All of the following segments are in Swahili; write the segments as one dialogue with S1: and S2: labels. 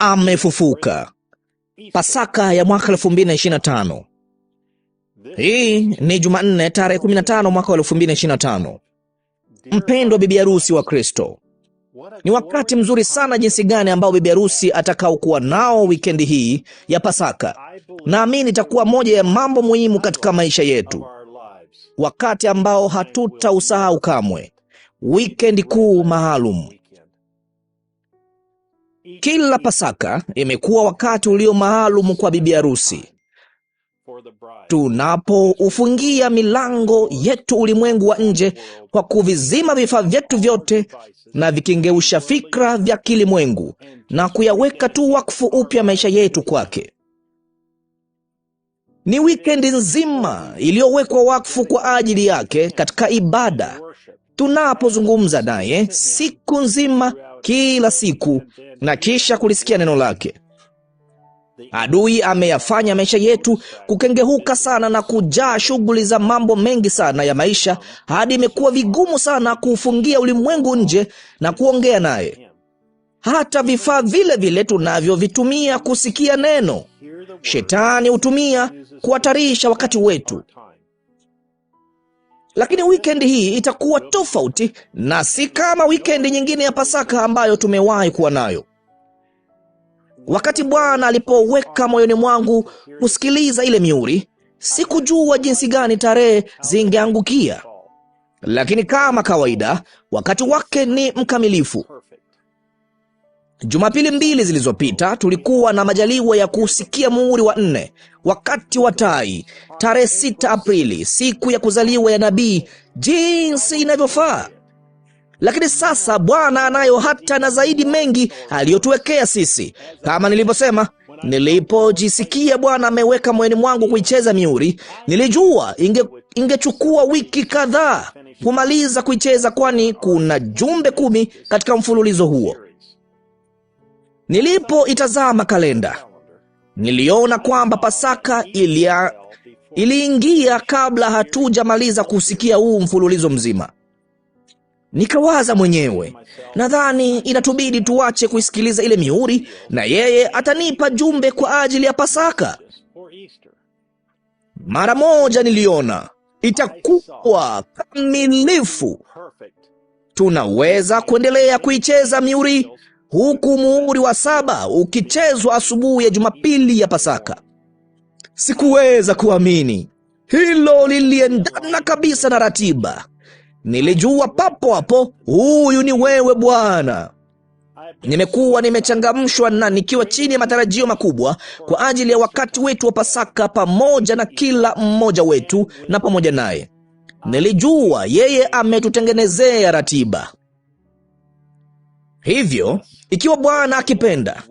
S1: amefufuka. Pasaka ya mwaka 2025. Hii ni Jumanne tarehe 15 mwaka wa 2025. Mpendwa bibi harusi wa Kristo, ni wakati mzuri sana jinsi gani ambao bibi harusi atakaokuwa nao wikendi hii ya Pasaka. Naamini itakuwa moja ya mambo muhimu katika maisha yetu, wakati ambao hatutausahau kamwe, wikendi kuu maalum kila Pasaka imekuwa wakati ulio maalum kwa bibi harusi. Tunapoufungia milango yetu ulimwengu wa nje kwa kuvizima vifaa vyetu vyote na vikingeusha fikra vya kilimwengu na kuyaweka tu wakfu upya maisha yetu kwake. Ni wikendi nzima iliyowekwa wakfu kwa ajili yake katika ibada. Tunapozungumza naye siku nzima kila siku, na kisha kulisikia neno lake. Adui ameyafanya maisha yetu kukengehuka sana na kujaa shughuli za mambo mengi sana ya maisha, hadi imekuwa vigumu sana kuufungia ulimwengu nje na kuongea naye. Hata vifaa vile vile tunavyovitumia kusikia neno, shetani hutumia kuhatarisha wakati wetu. Lakini weekend hii itakuwa tofauti na si kama weekend nyingine ya Pasaka ambayo tumewahi kuwa nayo. Wakati Bwana alipoweka moyoni mwangu kusikiliza ile mihuri, sikujua jinsi gani tarehe zingeangukia, lakini kama kawaida wakati wake ni mkamilifu. Jumapili mbili zilizopita tulikuwa na majaliwa ya kusikia muhuri wa nne, wakati wa tai, tarehe 6 Aprili, siku ya kuzaliwa ya nabii, jinsi inavyofaa. Lakini sasa Bwana anayo hata na zaidi mengi aliyotuwekea sisi. Kama nilivyosema, nilipojisikia Bwana ameweka moyoni mwangu kuicheza mihuri, nilijua inge ingechukua wiki kadhaa kumaliza kuicheza, kwani kuna jumbe kumi katika mfululizo huo. Nilipoitazama kalenda, niliona kwamba Pasaka ilia iliingia kabla hatujamaliza kusikia huu mfululizo mzima. Nikawaza mwenyewe, nadhani inatubidi tuache kuisikiliza ile mihuri, na yeye atanipa jumbe kwa ajili ya Pasaka. Mara moja niliona itakuwa kamilifu. Tunaweza kuendelea kuicheza mihuri huku muhuri wa saba ukichezwa asubuhi ya Jumapili ya Pasaka. Sikuweza kuamini. Hilo liliendana kabisa na ratiba. Nilijua papo hapo, huyu ni wewe Bwana. Nimekuwa nimechangamshwa na nikiwa chini ya matarajio makubwa kwa ajili ya wakati wetu wa Pasaka pamoja na kila mmoja wetu na pamoja naye. Nilijua yeye ametutengenezea ratiba. Hivyo ikiwa Bwana akipenda,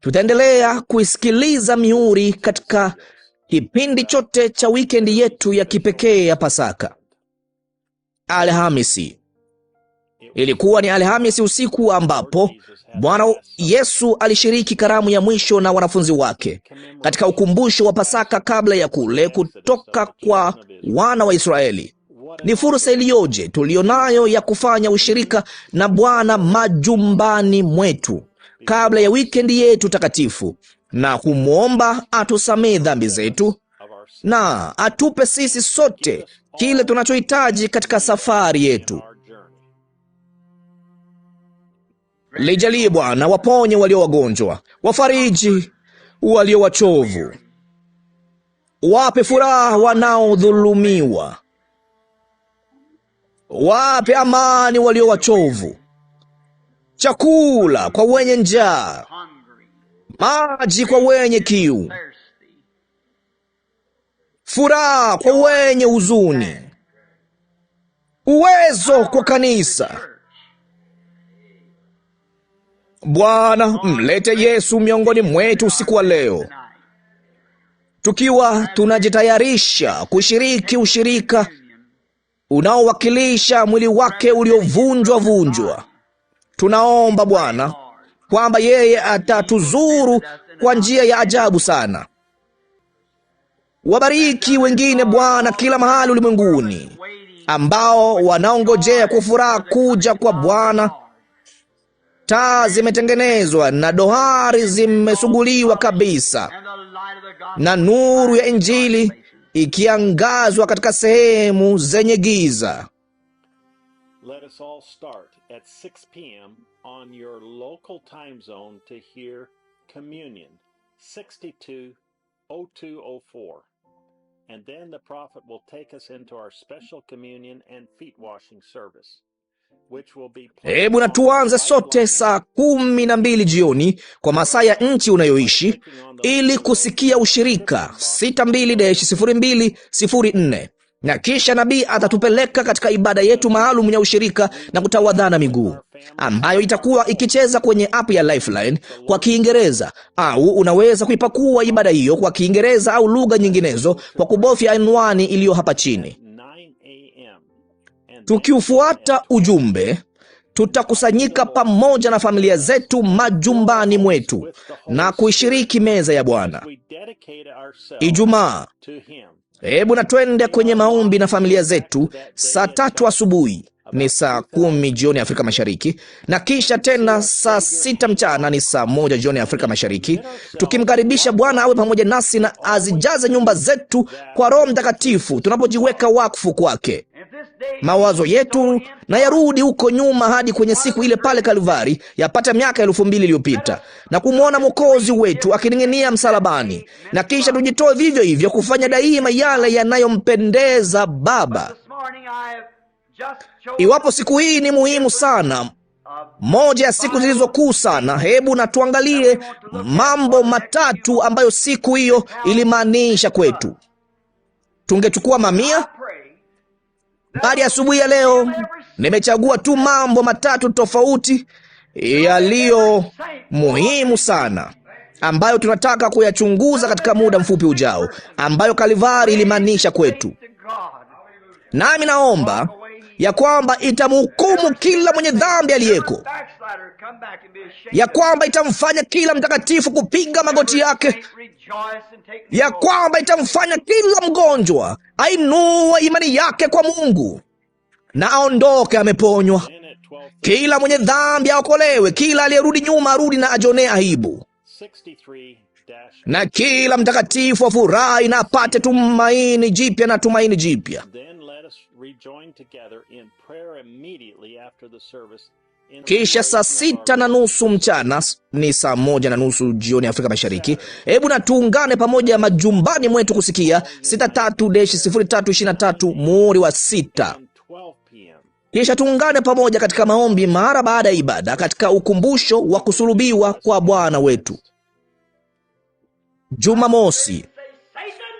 S1: tutaendelea kuisikiliza mihuri katika kipindi chote cha wikendi yetu ya kipekee ya Pasaka. Alhamisi ilikuwa ni Alhamisi usiku ambapo Bwana Yesu alishiriki karamu ya mwisho na wanafunzi wake katika ukumbusho wa Pasaka kabla ya kule kutoka kwa wana wa Israeli. Ni fursa iliyoje tuliyonayo ya kufanya ushirika na Bwana majumbani mwetu kabla ya wikendi yetu takatifu na kumwomba atusamehe dhambi zetu na atupe sisi sote kile tunachohitaji katika safari yetu. Lijalie Bwana, waponye walio wagonjwa, wafariji walio wachovu, wape furaha wanaodhulumiwa, Wape amani walio wachovu, chakula kwa wenye njaa, maji kwa wenye kiu, furaha kwa wenye huzuni, uwezo kwa kanisa. Bwana, mlete Yesu miongoni mwetu usiku wa leo, tukiwa tunajitayarisha kushiriki ushirika unaowakilisha mwili wake uliovunjwa vunjwa. Tunaomba Bwana kwamba yeye atatuzuru kwa njia ya ajabu sana. Wabariki wengine Bwana kila mahali ulimwenguni ambao wanaongojea kwa furaha kuja kwa Bwana. Taa zimetengenezwa na dohari zimesuguliwa kabisa, na nuru ya Injili ikiangazwa katika sehemu zenye giza. And then the prophet will take us into our special communion and feet washing service. Hebu na tuanze sote saa kumi na mbili jioni kwa masaa ya nchi unayoishi ili kusikia ushirika 62-0204 na kisha nabii atatupeleka katika ibada yetu maalum ya ushirika na kutawadhana miguu ambayo itakuwa ikicheza kwenye app ya Lifeline kwa Kiingereza, au unaweza kuipakua ibada hiyo kwa Kiingereza au lugha nyinginezo kwa kubofya anwani iliyo hapa chini. Tukiufuata ujumbe, tutakusanyika pamoja na familia zetu majumbani mwetu na kuishiriki meza ya Bwana Ijumaa. Hebu na twende kwenye maombi na familia zetu saa tatu asubuhi ni saa kumi jioni Afrika Mashariki, na kisha tena saa sita mchana ni saa moja jioni Afrika Mashariki, tukimkaribisha Bwana awe pamoja nasi na azijaze nyumba zetu kwa Roho Mtakatifu tunapojiweka wakfu kwake. Mawazo yetu na yarudi huko nyuma hadi kwenye siku ile pale Kalvari, yapata miaka elfu mbili iliyopita na kumwona Mwokozi wetu akining'inia msalabani, na kisha tujitoe vivyo hivyo kufanya daima yale yanayompendeza Baba. Iwapo siku hii ni muhimu sana, moja ya siku zilizokuu sana, hebu na tuangalie mambo matatu ambayo siku hiyo ilimaanisha kwetu. Tungechukua mamia, bali asubuhi ya leo nimechagua tu mambo matatu tofauti yaliyo muhimu sana ambayo tunataka kuyachunguza katika muda mfupi ujao, ambayo Kalivari ilimaanisha kwetu. Nami naomba ya kwamba itamhukumu kila mwenye dhambi aliyeko, ya kwamba itamfanya kila mtakatifu kupiga magoti yake, ya kwamba itamfanya kila mgonjwa ainua imani yake kwa Mungu na aondoke ameponywa. Kila mwenye dhambi aokolewe, kila aliyerudi nyuma arudi na ajonee aibu, na kila mtakatifu afurahi na apate tumaini jipya na tumaini jipya rejoined together in prayer immediately after the service kisha saa sita na nusu mchana ni saa moja na nusu jioni Afrika Mashariki. Hebu na tuungane pamoja majumbani mwetu kusikia 63-0323 muhuri wa sita. Kisha tuungane pamoja katika maombi mara baada ya ibada katika ukumbusho wa kusulubiwa kwa Bwana wetu. Jumamosi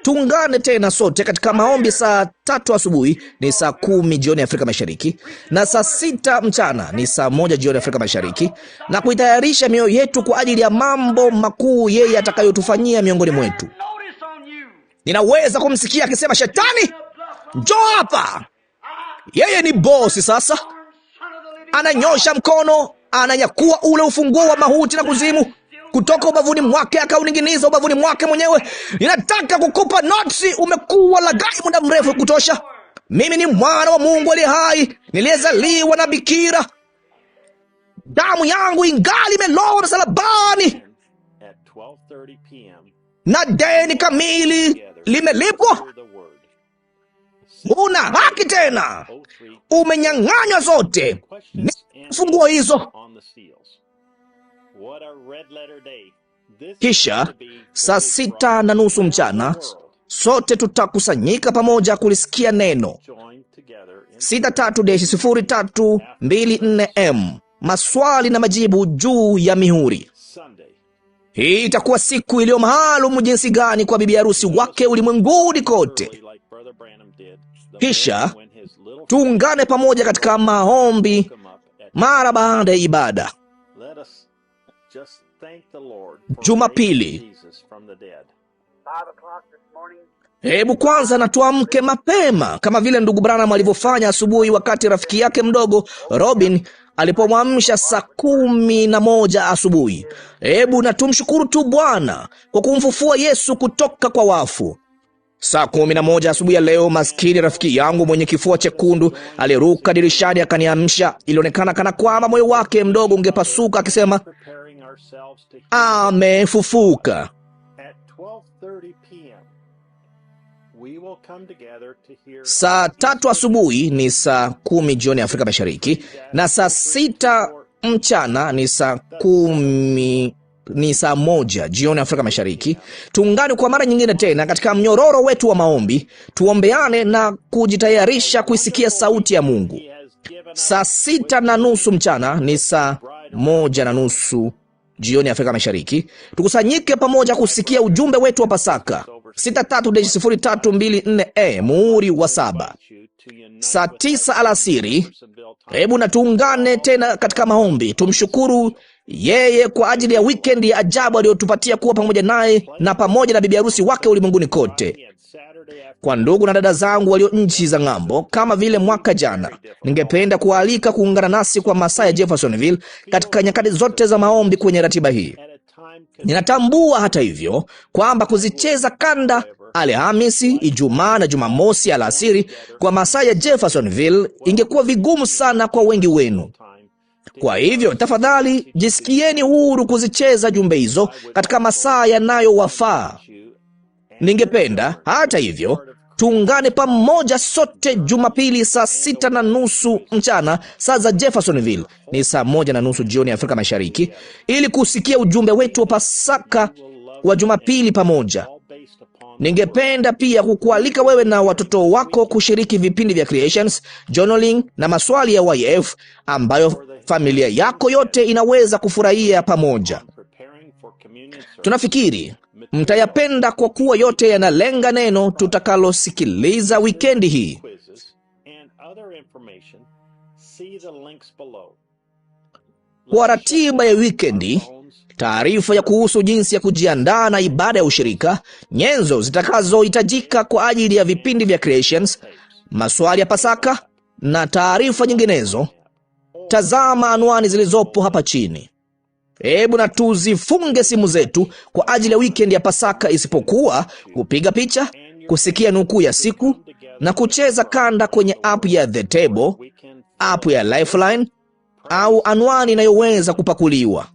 S1: Tuungane tena sote katika maombi saa tatu asubuhi ni saa kumi jioni Afrika Mashariki, na saa sita mchana ni saa moja jioni Afrika Mashariki, na kuitayarisha mioyo yetu kwa ajili ya mambo makuu yeye atakayotufanyia miongoni mwetu. Ninaweza kumsikia akisema, Shetani, njoo hapa. Yeye ni bosi sasa, ananyosha mkono, ananyakua ule ufunguo wa mahuti na kuzimu kutoka ubavuni mwake, akauning'iniza ubavuni mwake mwenyewe. Ninataka kukupa notsi. Umekuwa lagai muda mrefu kutosha. Mimi ni mwana wa Mungu aliye hai, niliyezaliwa na bikira. Damu yangu ingali imelowa msalabani na deni kamili limelipwa. Una haki tena, umenyang'anywa zote. Ni funguo hizo kisha saa sita na nusu mchana sote tutakusanyika pamoja kulisikia neno. m maswali na majibu juu ya mihuri. Hii itakuwa siku iliyo maalum jinsi gani kwa bibi harusi wake ulimwenguni kote. Kisha tuungane pamoja katika maombi mara baada ya ibada. Jumapili. Hebu kwanza natuamke mapema kama vile ndugu Branham alivyofanya asubuhi, wakati rafiki yake mdogo Robin alipomwamsha saa kumi na moja asubuhi. Hebu na tumshukuru tu Bwana kwa kumfufua Yesu kutoka kwa wafu saa kumi na moja asubuhi ya leo. Maskini rafiki yangu mwenye kifua chekundu aliruka dirishani akaniamsha. Ilionekana kana kwamba moyo wake mdogo ungepasuka, akisema amefufuka. Saa tatu asubuhi ni saa kumi jioni Afrika Mashariki, na saa sita mchana ni saa kumi ni saa moja jioni Afrika Mashariki. Tuungane kwa mara nyingine tena katika mnyororo wetu wa maombi, tuombeane na kujitayarisha kuisikia sauti ya Mungu. Saa sita na nusu mchana ni saa moja na nusu jioni Afrika Mashariki, tukusanyike pamoja kusikia ujumbe wetu wa Pasaka 63-0324 eh, muhuri wa saba saa tisa alasiri. Hebu na tuungane tena katika maombi, tumshukuru yeye kwa ajili ya wikendi ya ajabu aliyotupatia kuwa pamoja naye na pamoja na bibi harusi wake ulimwenguni kote kwa ndugu na dada zangu walio nchi za ng'ambo, kama vile mwaka jana. Ningependa kualika kuungana nasi kwa masaa ya Jeffersonville katika nyakati zote za maombi kwenye ratiba hii. Ninatambua hata hivyo kwamba kuzicheza kanda Alhamisi, Ijumaa na Jumamosi alasiri kwa masaa ya Jeffersonville ingekuwa vigumu sana kwa wengi wenu. Kwa hivyo tafadhali jisikieni huru kuzicheza jumbe hizo katika masaa yanayowafaa. Ningependa hata hivyo tuungane pamoja sote Jumapili saa sita na nusu mchana saa za Jeffersonville ni saa moja na nusu jioni Afrika Mashariki, ili kusikia ujumbe wetu wa Pasaka wa Jumapili pamoja. Ningependa pia kukualika wewe na watoto wako kushiriki vipindi vya Creations, journaling na maswali ya YF ambayo familia yako yote inaweza kufurahia pamoja. Tunafikiri mtayapenda kwa kuwa yote yanalenga neno tutakalosikiliza wikendi hii. Kwa ratiba ya wikendi, taarifa ya kuhusu jinsi ya kujiandaa na ibada ya ushirika, nyenzo zitakazohitajika kwa ajili ya vipindi vya Creations, maswali ya Pasaka na taarifa nyinginezo, tazama anwani zilizopo hapa chini. Hebu na tuzifunge simu zetu kwa ajili ya weekend ya Pasaka, isipokuwa kupiga picha, kusikia nukuu ya siku na kucheza kanda kwenye app ya The Table, app ya Lifeline au anwani inayoweza kupakuliwa.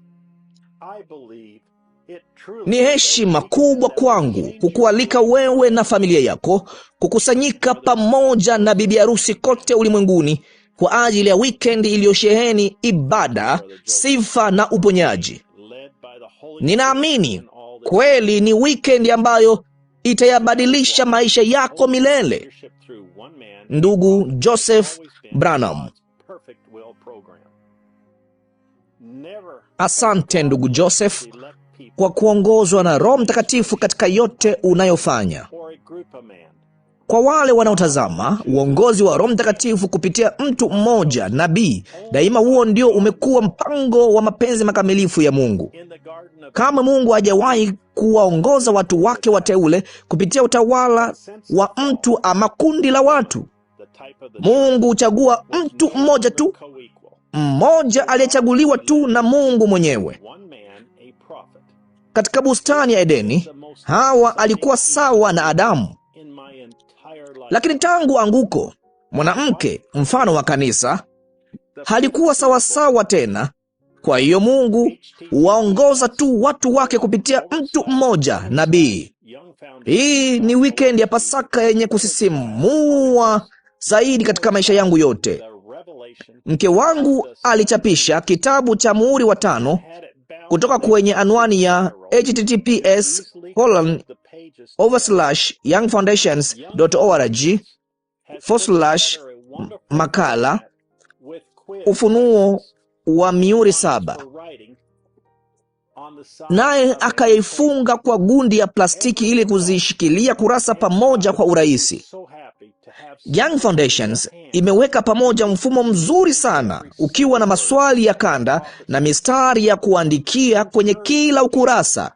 S1: Ni heshima kubwa kwangu kukualika wewe na familia yako kukusanyika pamoja na bibi harusi kote ulimwenguni kwa ajili ya wikendi iliyosheheni ibada, sifa na uponyaji. Ninaamini kweli ni wikendi ambayo itayabadilisha maisha yako milele. Ndugu Joseph Branham. Asante ndugu Joseph kwa kuongozwa na Roho Mtakatifu katika yote unayofanya. Kwa wale wanaotazama uongozi wa Roho Mtakatifu kupitia mtu mmoja nabii, daima huo ndio umekuwa mpango wa mapenzi makamilifu ya Mungu. Kama Mungu hajawahi kuwaongoza watu wake wateule kupitia utawala wa mtu ama kundi la watu, Mungu huchagua mtu mmoja tu, mmoja aliyechaguliwa tu na Mungu mwenyewe. Katika bustani ya Edeni, Hawa alikuwa sawa na Adamu. Lakini tangu anguko, mwanamke, mfano wa kanisa, halikuwa sawasawa tena. Kwa hiyo Mungu waongoza tu watu wake kupitia mtu mmoja, nabii. Hii ni wikendi ya Pasaka yenye kusisimua zaidi katika maisha yangu yote. Mke wangu alichapisha kitabu cha Muhuri wa Tano kutoka kwenye anwani ya https colon over slash youngfoundations.org for slash makala ufunuo wa miuri saba. Naye akaifunga kwa gundi ya plastiki ili kuzishikilia kurasa pamoja kwa urahisi. Young Foundations imeweka pamoja mfumo mzuri sana ukiwa na maswali ya kanda na mistari ya kuandikia kwenye kila ukurasa.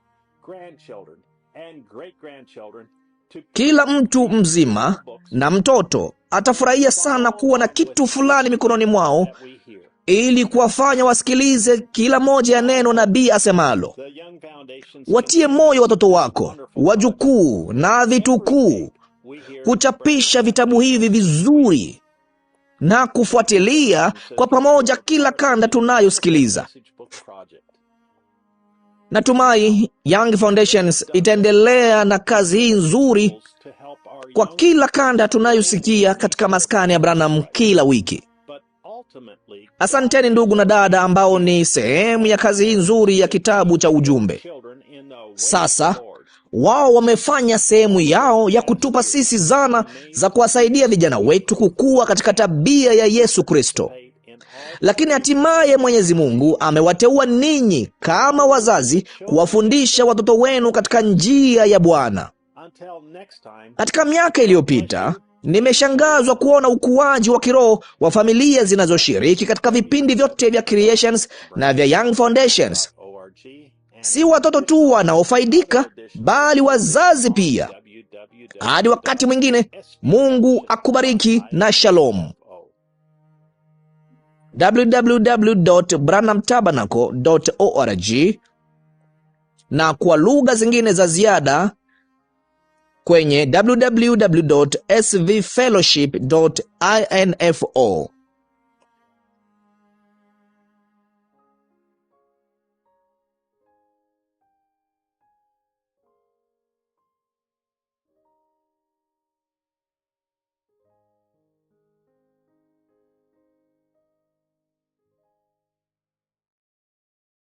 S1: Kila mtu mzima na mtoto atafurahia sana kuwa na kitu fulani mikononi mwao ili kuwafanya wasikilize kila moja ya neno nabii asemalo. Watie moyo watoto wako, wajukuu na vitukuu, kuchapisha vitabu hivi vizuri na kufuatilia kwa pamoja kila kanda tunayosikiliza. Natumai Young Foundations itaendelea na kazi hii nzuri kwa kila kanda tunayosikia katika maskani ya Branham kila wiki. Asanteni ndugu na dada ambao ni sehemu ya kazi hii nzuri ya kitabu cha ujumbe. Sasa wao wamefanya sehemu yao ya kutupa sisi zana za kuwasaidia vijana wetu kukua katika tabia ya Yesu Kristo. Lakini hatimaye Mwenyezi Mungu amewateua ninyi kama wazazi kuwafundisha watoto wenu katika njia ya Bwana. Katika miaka iliyopita nimeshangazwa kuona ukuaji wa kiroho wa familia zinazoshiriki katika vipindi vyote vya Creations na vya Young Foundations. Si watoto tu wanaofaidika, bali wazazi pia. Hadi wakati mwingine, Mungu akubariki na shalom www.branamtabernacle.org na kwa lugha zingine za ziada kwenye www.svfellowship.info.